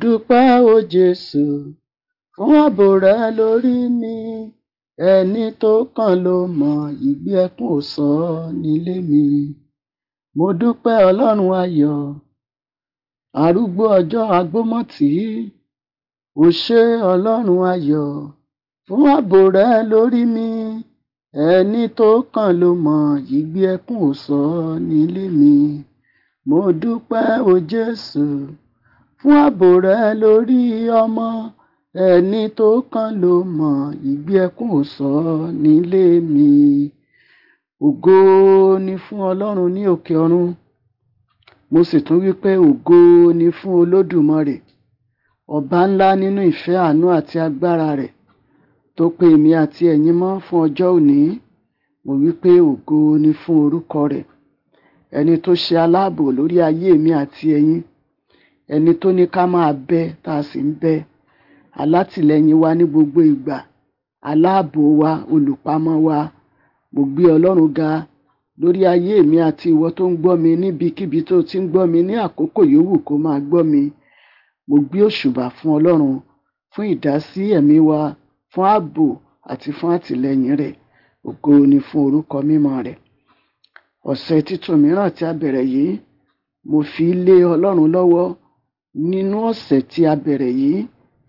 dúpẹ́ o Jésù fún ààbò rẹ lórí mi ẹni tó kàn ló mọ ìgbé ẹkún ò sọ nílé mi mo dúpẹ́ Ọlọ́run ayọ̀ arúgbó ọjọ́ agbómọ̀tì o ṣé Ọlọ́run ayọ̀ fún ààbò rẹ lórí mi ẹni tó kàn ló mọ ìgbé ẹkún ò sọ nílé mi mo dúpẹ́ o Jésù fún ààbò rẹ lórí ọmọ ẹni tó kàn ló mọ̀ ìgbé ẹkún ò sọ nílé mi ògo ni fún ọlọ́run ní òkè ọ̀run mo sì tún wí pé ògo ni fún olódùmarè ọba ńlá nínú ìfẹ́ àánú àti agbára rẹ̀ tó pe èmi àti ẹ̀yin mọ́ fún ọjọ́ òní mo wí pé ògo ni fún orúkọ rẹ̀ ẹni tó ṣe aláàbò lórí ayé mi àti ẹ̀yin ẹni tó ní ká máa bẹ tá a sì ń bẹ alátìlẹyìn wa ní gbogbo ìgbà aláàbò wa olùpamọ́ wa mo gbé Ọlọ́run ga lórí ayé mi àti ìwọ tó ń gbọ́ mi níbikíbi tó ti ń gbọ́ mi ní àkókò yòówù kó máa gbọ́ mi mo gbé òṣùbà fún Ọlọ́run fún ìdásí ẹ̀mí wa fún ààbò àti fún àtìlẹyìn rẹ̀ ògo ni fún orúkọ mímọ́ rẹ̀ ọ̀sẹ̀ titun mìíràn tí a bẹ̀rẹ̀ yìí mo fi lé Ọlọ́run lọ́wọ́ nínú ọ̀sẹ̀ tí a bẹ̀rẹ̀ yìí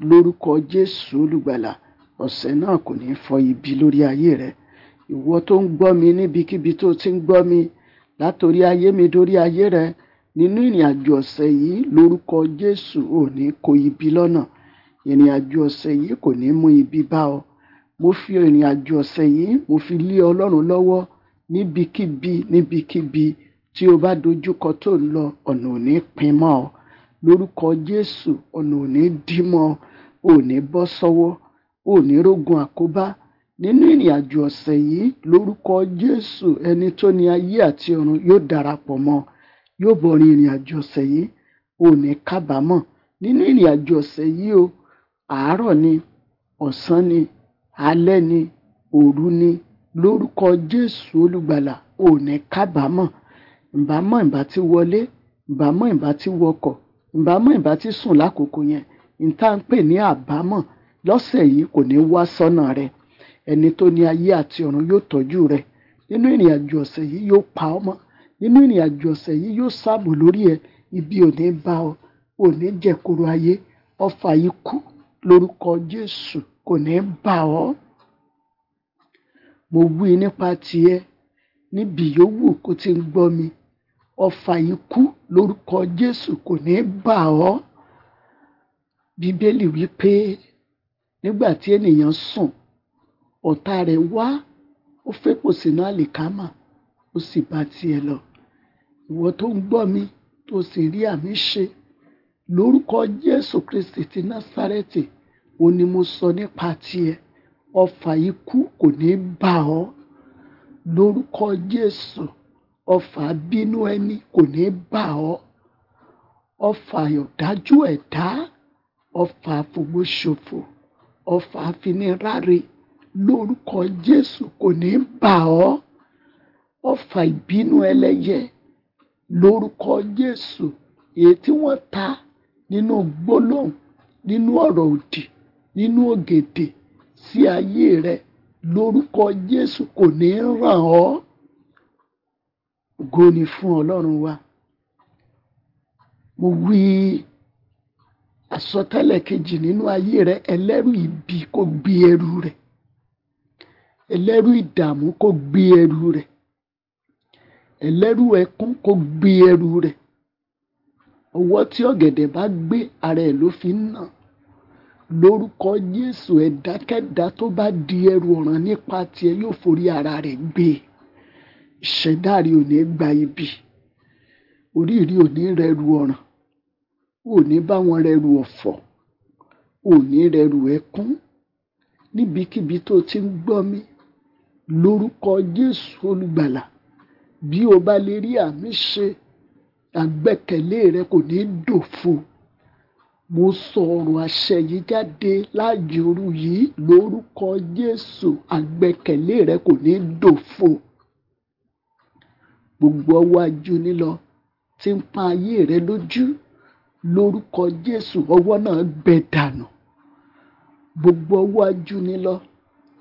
lórúkọ Jésù olùgbàlà ọ̀sẹ̀ náà kò ní fọ ibi lórí ayé rẹ ìwọ tó ń gbọ́ mi níbikíbi tó ti ń gbọ́ mi látorí ayé mi dórí ayé rẹ nínú ìrìn àjò ọ̀sẹ̀ yìí lórúkọ Jésù ò ní kó ibi lọ́nà ìrìn àjò ọ̀sẹ̀ yìí kò ní mú ibi bá ọ mo fi ìrìn àjò ọ̀sẹ̀ yìí mo fi lé Ọlọ́run lọ́wọ́ níbikíbi níbikíbi tí o bá dojúkọ tó ń lọ ọ̀nà ò ní pin mọ́ ọ lórúkọ Jésù ọ̀nà òní dímọ́ òní bọ́ sọ́wọ́ òní rógun àkóbá nínú ìrìn àjò ọ̀sẹ̀ yìí lórúkọ Jésù ẹni tó ní ayé àti ọ̀run yóò darapọ̀ mọ́ yóò bọ̀ ìrìn àjò ọ̀sẹ̀ yìí òní kábàámọ̀ nínú ìrìn àjò ọ̀sẹ̀ yìí o àárọ̀ ni ọ̀sán ni alẹ́ ni òru ni lórúkọ Jésù olùgbàlà òní kábàámọ̀ ìbámọ̀ ìbá ti wọlé ìbámọ̀ ìbá ti wọkọ̀ ìbámọ̀ ìbá ti sùn lákòókò yẹn níta ń pè ní àbámọ̀ lọ́sẹ̀ yìí kò ní wá sọ́nà rẹ ẹni tó ní ayé àti ọ̀run yóò tọ́jú rẹ nínú ìrìn àjò ọ̀sẹ̀ yìí yóò pa ọ́ mọ́ nínú ìrìn àjò ọ̀sẹ̀ yìí yóò sáàbò lórí ẹ ibi ò bá ọ ò ní jẹ̀kuru ayé ọfà ikú lórúkọ Jésù kò ní bá ọ mo wí nípa tiẹ̀ níbi yòówù kó ti ń gbọ́ mi ọ̀fà ikú lórúkọ Jésù kò ní bà ọ́ bíbélì wípé nígbà tí ènìyàn sùn ọ̀tá rẹ̀ wá ó fépò sínú àlìkámà ó sì bá tiẹ̀ lọ ìwọ tó ń gbọ́ mi tó sì rí àmì ṣe lórúkọ Jésù Kristi ti Násárẹ́tì ó ní mo sọ nípa tiẹ̀ ọ̀fà ikú kò ní bà ọ́ lórúkọ Jésù ọfà bínú ẹni kò ní bà ọ́ ọfà ọ̀dájú ẹ̀dá ọfà àfòmóṣòfò ọfà àfiniráre lórúkọ Jésù kò ní bà ọ́ ọfà ìbínú ẹlẹ́yẹ lórúkọ Jésù èyí tí wọ́n ta nínú gbólóhùn nínú ọ̀rọ̀ òdì nínú ògèdè sí ayé rẹ lórúkọ Jésù kò ní ràn ọ́. Goni ni fún ọlọ́run wa mo wí àsọtẹ́lẹ̀ kejì nínú ayé rẹ ẹlẹ́rù ibi kó gbé ẹrù rẹ ẹlẹ́rù ìdààmú kó gbé ẹrù rẹ ẹlẹ́rù ẹkún kó gbé ẹrù rẹ ọwọ́ tí ọ̀gẹ̀dẹ̀ bá gbé ara ẹ̀ ló fi ń nà lórúkọ Jésù ẹ̀dákẹ́dá tó bá di ẹrù ọ̀ràn nípa tiẹ̀ yóò forí ara rẹ̀ gbé e ìṣẹ̀dá rẹ ò ní gba ibi orí rẹ ò ní rẹrù ọ̀ràn ò ní bá wọn rẹrù ọ̀fọ̀ ò ní rẹrù ẹkún níbikíbi tó ti ń gbọ́ mi lórúkọ Jésù olùgbàlà bí o bá lè rí àmì ṣe àgbẹ́kẹ̀lé rẹ kò ní dòfo mo sọ ọ̀rọ̀ àṣẹ yìí jáde láàyè yìí lórúkọ Jésù àgbẹ́kẹ̀lé rẹ kò ní dòfo gbogbo ọwọ́ ajé onílọ tí ń pa ayé rẹ lójú lórúkọ Jésù ọwọ́ náà gbẹ dànù gbogbo ọwọ́ ajé onílọ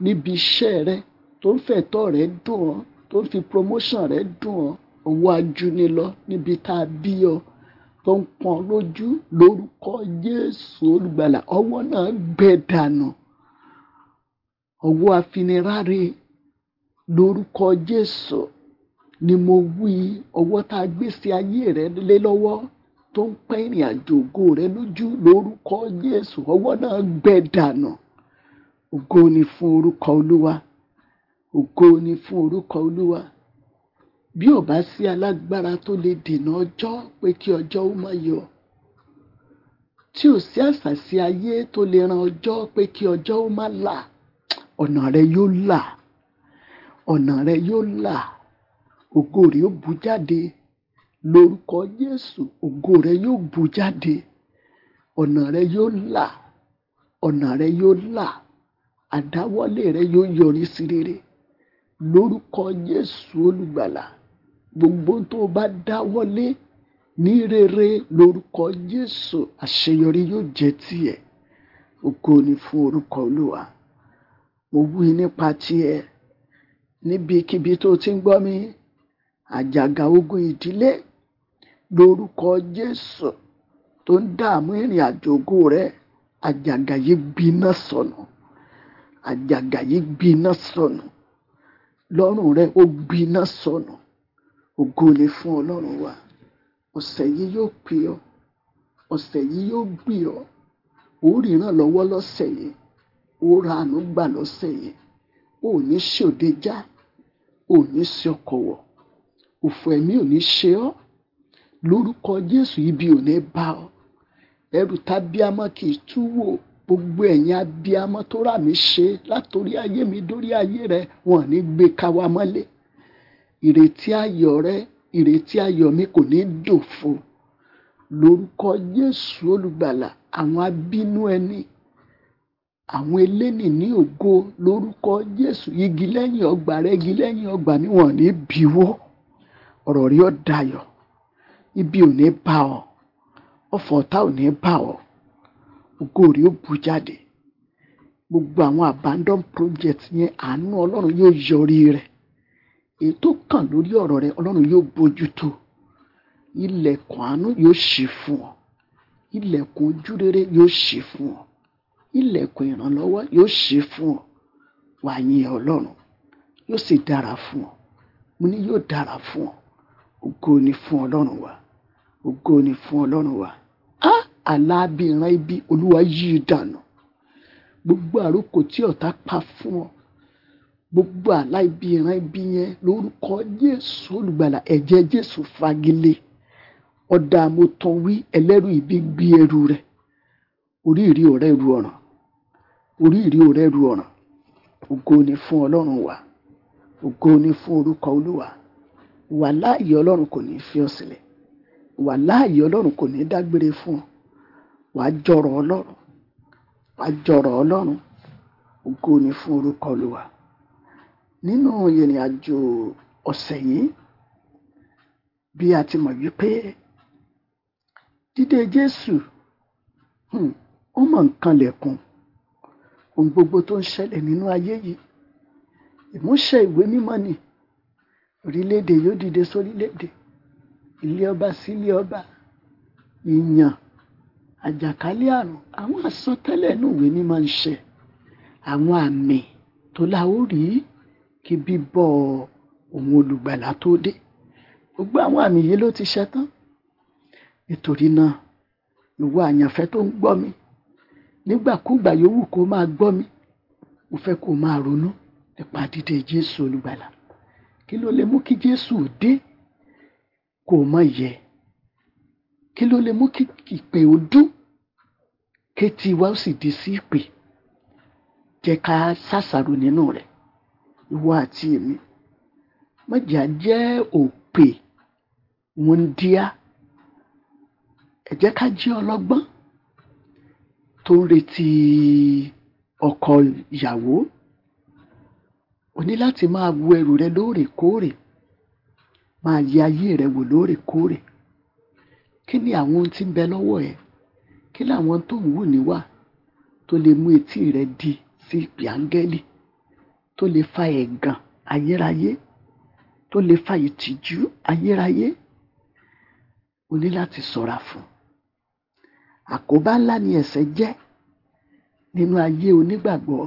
níbi iṣẹ́ rẹ tó ń fẹ̀tọ́ rẹ dùn ọ́ tó ń fi promotion rẹ dùn ọ́ ọwọ́ ajé onílọ níbi tá a bí ọ tó ń pọn lójú lórúkọ Jésù olùgbàlà ọwọ́ náà gbẹ dànù ọwọ́ afiniráre lórúkọ Jésù ni mo wí ọwọ́ tá a gbé sí ayé rẹ lé lọ́wọ́ tó ń pẹ́ ìrìn àjò ògo rẹ lójú lórúkọ Jésù ọwọ́ náà gbẹ dànù ògo ni fún orúkọ Olúwa ògo ni fún orúkọ Olúwa bí ò bá sí alágbára tó lè dènà ọjọ́ pé kí ọjọ́ ó má yọ tí ò sí àṣàṣì ayé tó lè ran ọjọ́ pé kí ọjọ́ ó má là ọ̀nà rẹ yóò là ọ̀nà rẹ yóò là ògo rẹ̀ yóò bú jáde lórúkọ Jésù ògo rẹ̀ yóò bú jáde ọ̀nà rẹ̀ yóò là ọ̀nà rẹ̀ yóò là àdáwọ́lé rẹ̀ yóò yọrí sí rere lórúkọ Jésù olùgbàlà gbogbo tó o bá dáwọ́lé ní rere lórúkọ Jésù àṣeyọrí yóò jẹ́ tiẹ̀ ògo ni fún orúkọ Olúwa mo wí nípa tiẹ̀ níbikíbi tó o ti ń gbọ́ mi àjàgà ogun ìdílé lórúkọ Jésù tó ń dààmú ìrìn àjò ògo rẹ àjàgà yìí gbiná sọnù àjàgà yìí gbiná sọnù lọ́rùn rẹ ó gbiná sọnù ni fún Ọlọ́run wa ọ̀sẹ̀ yìí yóò pè ọ. ọ̀sẹ̀ yìí yóò gbì ó ríran yìí ó ra àánú gbà yìí ní ṣòdejá ní òfò ẹ̀mí ò ní ṣe ọ́ lórúkọ Jésù ibi ò ní bá ọ ẹrù tábíamọ kì í túwò gbogbo ẹ̀yin abíamọ tó rà mí ṣe látòrí ayé mi dórí ayé rẹ wọn ò ní gbé ka wa mọ́lẹ̀ ìrètí ayọ̀ rẹ ìrètí ayọ̀ mi kò ní dòfo lórúkọ Jésù olùgbàlà àwọn abínú ẹni àwọn eléni ní ògo lórúkọ Jésù igi lẹ́yìn ọgbà rẹ igi lẹ́yìn ọgbà mi wọn ní bíwọ́ ọ̀rọ̀ rí ọ dayọ̀ ibi ò ní bá ọ ọ̀fọ̀ ọ̀tá ò ní bá ọ ògo rí ó bu jáde gbogbo àwọn abandon project yẹn àánú ọlọ́run yóò yọrí rẹ̀ èyí tó kàn lórí ọ̀rọ̀ rẹ̀ ọlọ́run yóò bójútó ilẹ̀kùn àánú yóò ṣí fún ọ ilẹ̀kùn ojúrere yóò ṣí fún ọ ilẹ̀kùn ìrànlọ́wọ́ yóò ṣí fún ọ wàá yin ọlọ́run yóò sì dára fún ọ mo ní yóò dára fún ọ ògo ni fún ọlọ́run wa ògo ni fún ọlọ́run wa á alábìrán ibi olúwa yí i dànù gbogbo àrókò tí ọ̀tá pa fún ọ gbogbo àlá ibi ìran ibi yẹn lórúkọ jésù olùgbàlà ẹ̀jẹ̀ jésù fagilé ọ̀dà àmọ̀tàn wí ẹlẹ́rù ìbí gbé ẹrù rẹ oríire ọ̀rẹ́ ru ọ̀ràn oríire ọ̀rẹ́ ru ọ̀ràn ògo ni fún ọlọ́run wa ògo ni fún orúkọ olúwa wàláàhí ọlọ́run kò ní fi ọ sílẹ̀ wàláàhí ọlọ́run kò ní dágbére fún ọ wàá jọrọ ọlọ́run wàá jọrọ ọlọ́run ògo ni fún orúkọ Olúwa nínú ìrìn àjò ọ̀sẹ̀ yìí bí a ti mọ̀ wípé dídé Jésù hmm, ó mọ̀ nǹkan lẹ̀kùn ohun gbogbo tó ń ṣẹlẹ̀ nínú ayé yìí ìmúṣẹ ìwé mímọ́ ni. mani orílẹ̀-èdè yóò dìde sórílẹ̀-èdè ilé ọba sílé ọba ìyàn àjàkálẹ̀ àrùn àwọn àsọtẹ́lẹ̀ inú ìwé mímọ́ ń ṣe àwọn àmì tó la ó rí kí bíbọ̀ òun olùgbàlà tó dé gbogbo àwọn àmì yìí ló ti ṣe tán nítorí náà ìwọ àyànfẹ́ tó ń gbọ́ mi nígbàkúùgbà yòówù kó máa gbọ́ mi mo fẹ́ kó máa ronú nípa dídé Jésù olùgbàlà kí ló lè mú kí jésù dé kó o má yẹ kí ló lè mú kí ìpè ó dún kétí wa ó sì di sí ìpè jẹ́ ká ṣàṣàrò nínú rẹ̀ ìwọ àti èmi mọjà jẹ́ òpè wúndíá ẹ jẹ́ ká jẹ́ ọlọ́gbọ́n tó ń retí ọkọ ìyàwó o ní láti máa wo ẹrù rẹ lóòrèkóòrè máa yẹ ayé rẹ wò lóòrèkóòrè kí ni àwọn ohun tí ń bẹ lọ́wọ́ ẹ kí làwọn tó ń wù níwà tó lè mú etí rẹ di sí ìpè tó lè fa ẹ̀gàn ayérayé tó lè fa ìtìjú ayérayé o ní láti ṣọ́ra fún àkóbá ńlá ni ẹ̀ṣẹ̀ jẹ́ nínú ayé onígbàgbọ́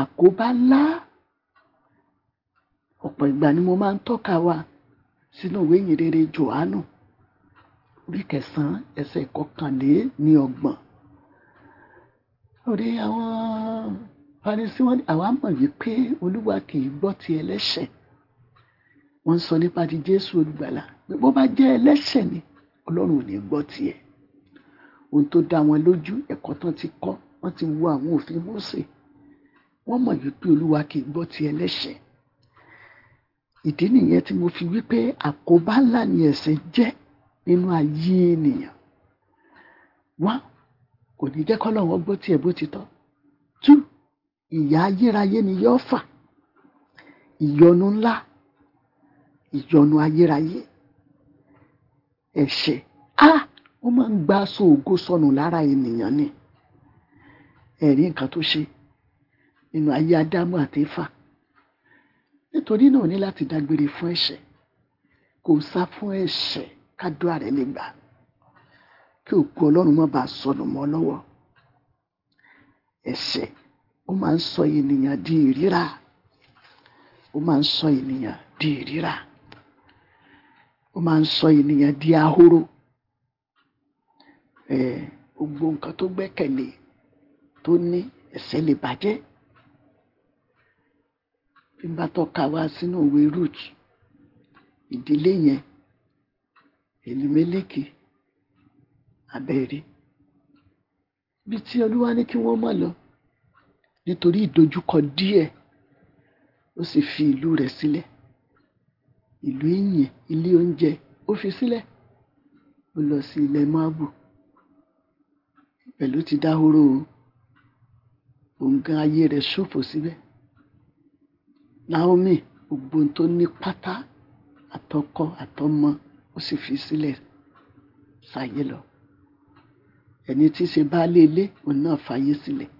àkóbá ńlá ọ̀pọ̀ ìgbà ni mo máa ń tọ́ka wa sínú ìwé ìyìnrere Jòhánù orí kẹsàn-án ẹsẹ̀ kọkànléní ọgbọ̀n orí àwọn Farisí wọn àwa mọ̀ wípé Olúwa kì í gbọ́ ti ẹlẹ́ṣẹ̀ wọ́n ń sọ nípa ti Jésù olùgbàlà pé bó bá jẹ́ ẹlẹ́ṣẹ̀ ni Ọlọ́run ò ní gbọ́ tiẹ̀ ohun tó dá wọn lójú ẹ̀kọ́ tán ti kọ́ wọ́n ti wo àwọn òfin Mósè wọ́n mọ̀ wípé olúwa kì í gbọ́ ti ẹlẹ́ṣẹ̀ ìdí nìyẹn tí mo fi wípé àkóbá ńlá ni ẹ̀ṣẹ̀ jẹ́ nínú ayé ènìyàn one kò ní jẹ́ kọ́lọ́run gbọ́ tiẹ̀ bó ti tọ́ two ìyà ayérayé ni yóò fà ìyọnu ńlá ìyọnu ayérayé ẹ̀ṣẹ̀ a wọ́n máa ń gba aṣọ ògo sọnù lára ènìyàn ni ẹ̀rí nǹkan tó ṣe nínú ayé Ádámù àti Éfà nítorí náà ní láti dágbére fún ẹ̀ṣẹ̀ kò sá fún ẹ̀ṣẹ̀ kádùá rẹ̀ lè gbà kí òkú Ọlọ́run má bàa sọnù mọ́ lọ́wọ́ ẹ̀ṣẹ̀ ó máa ń sọ ènìyàn di ìríra ó máa ń sọ ènìyàn di ìríra ó máa ń sọ ènìyàn di ahoro gbogbo nǹkan tó gbẹ́kẹ̀lé tó ní ẹ̀ṣẹ̀ lè bàjẹ́ bí n bá tọ́ka wá sínú ìwé ruth ìdílé yẹn elimeleki abẹ́rẹ́ ibi tí olúwa ní kí wọ́n má lọ nítorí ìdojúkọ díẹ̀ ó sì fi ìlú rẹ̀ sílẹ̀ ìlú ìyìn ilé oúnjẹ ó fi sílẹ̀ ó lọ sí ilẹ̀ máàbù pẹ̀lú ti dahoro òun ayé rẹ̀ ṣòfò síbẹ̀ Naomi gbogbo ohun tó ní pátá àtọkọ àtọmọ ó sì fi sílẹ̀ sáyé lọ ẹni tí í ṣe baálé ilé òun náà fàyè sílẹ̀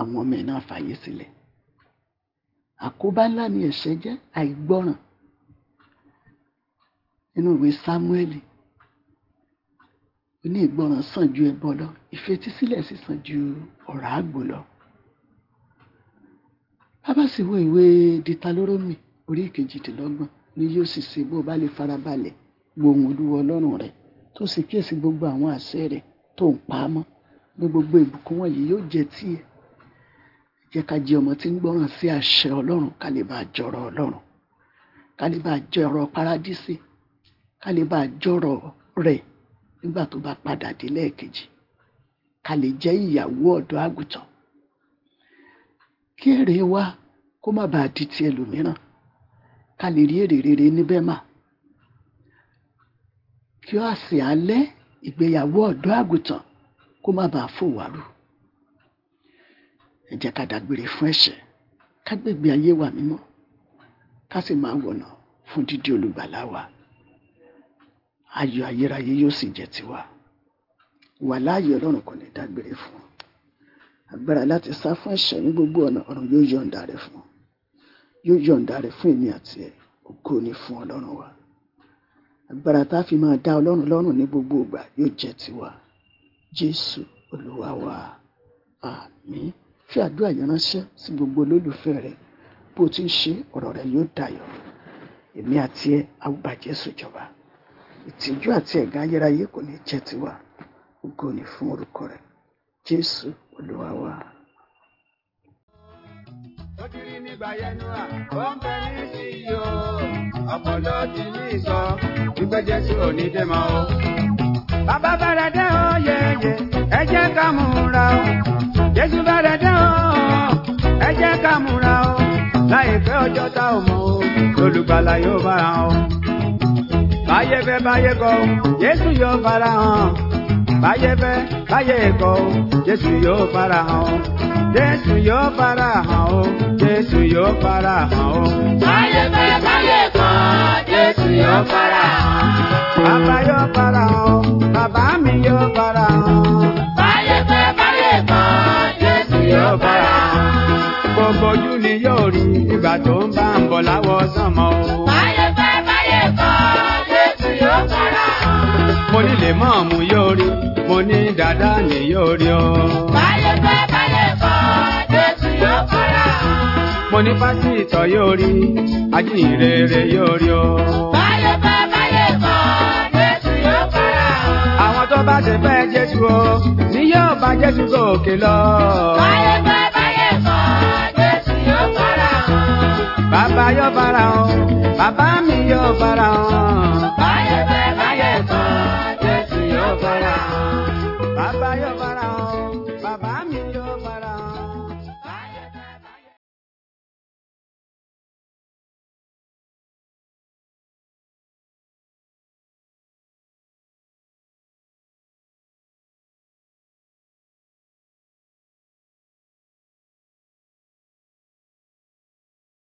àwọn ọmọ ẹ̀ náà fàyè sílẹ̀ àkóbá ńlá ni ẹ̀ṣẹ̀ jẹ́ àìgbọràn nínú ìwé Sámúẹ́lì ó ìgbọràn sàn ju ẹbọ lọ ìfetísílẹ̀ sì sàn ju ọ̀rá àgbò lọ bàbá sì wo ìwé dìtalórómì orí ìkejìdínlọ́gbọ̀n ni yóò sì ṣe bó o bá lè farabalẹ̀ wo ohùn olúwa ọlọ́run rẹ tó sì kíyèsí gbogbo àwọn àṣẹ rẹ tó ń pa á mọ́ ní gbogbo ìbùkún wọ̀nyí yóò jẹ́ tiẹ̀ jẹ́ ká jẹ́ ọmọ tí ń gbọ́ràn sí àṣẹ ọlọ́run ká lè bá a jọ̀rọ̀ ọlọ́run ká lè bá a jọ̀rọ̀ paradísì ká lè bá a jọ̀rọ̀ rẹ̀ nígbà tó bá padà dé lẹ́ẹ̀kejì ká lè jẹ́ ìyàwó ọ̀dọ́ àgùntàn kí èrè wa kó má bàa di ti ẹlòmíràn ká lè rí èrè rere níbẹ̀ mà kí ó àsè alẹ́ ìgbéyàwó ọ̀dọ́ àgùntàn kó má bàa fòwárù ẹ jẹ́ ká dágbére fún ẹ̀ṣẹ̀ ká gbègbè ayé wa mímọ́ ká sì máa wọ̀nà fún dídí olùgbàlà wa ayọ̀ ayérayé yóò sì jẹ́ tiwa wà láàyè ọlọ́run kò ní dágbére fún un agbára láti sá fún ẹ̀ṣẹ̀ ní gbogbo ọ̀nà ọ̀run yóò yọ̀ǹda rẹ̀ fún yóò yọ̀ǹda rẹ̀ fún èmi àti ẹ̀ ògo ni fún ọlọ́run wa agbára tá a fi máa dá ọlọ́run lọ́rùn ní gbogbo ìgbà yóò jẹ́ tiwa jésù olúwa wa àmín fi àdúrà yẹn ránṣẹ́ sí gbogbo olólùfẹ́ rẹ bó ti ń ṣe ọ̀rọ̀ rẹ yóò dayọ̀ èmi àti ẹ a jésù jọba ìtìjú àti ẹ̀gàn ayérayé kò ní jẹ́ tiwa ògo ni fún orúkọ rẹ jésù olúwa wa. ó ti rí nígbà yẹnu à ó ń bẹ ní sí i o ọpọlọ ti ní ìsọ ìgbẹ́jẹ́ sí òní dé máa o. bàbá bàrẹ̀ dẹ́ ọ yẹ̀yẹ̀ ẹ jẹ́ ká múra o jésù bàrẹ̀ dẹ́ ọ ẹ jẹ́ ká múra o láìpẹ́ ọjọ́ tá ò mọ̀ o olùgbàlà yóò bára o. báyé fẹ́ báyé kọ́ jésù yóò fara hàn báyé fẹ́ báyé kọ̀ o jésù yóò fara hàn o jésù yóò fara hàn o jésù yóò fara hàn o. báyé fẹ́ báyé kọ̀ jésù yóò fara hàn. bàbá yóò fara hàn o bàbá mi yóò fara hàn. báyé fẹ́ báyé kọ̀ jésù yóò fara hàn. gbogbo ojú ni yóò rí ìgbà tó ń bá ń bọ̀ láwọ̀ sánmọ̀ o. mo ní lè mọ̀ mú yọrí mo ní dàda ní yọrí o. báyé pẹ́ báyé kọ́ jésù yóò kọ́ra. mo ní pásítọ̀ yọrí ajínrere yọrí o. báyé pẹ́ báyé kọ́ jésù yóò kọ́ra. àwọn tó bá ṣe fẹ́ jésù o ní yóò bá jésù gòkè lọ. báyé pẹ́ báyé kọ́ jésù yóò kọ́ra. bàbá yóò fara hàn bàbá mi yóò fara hàn.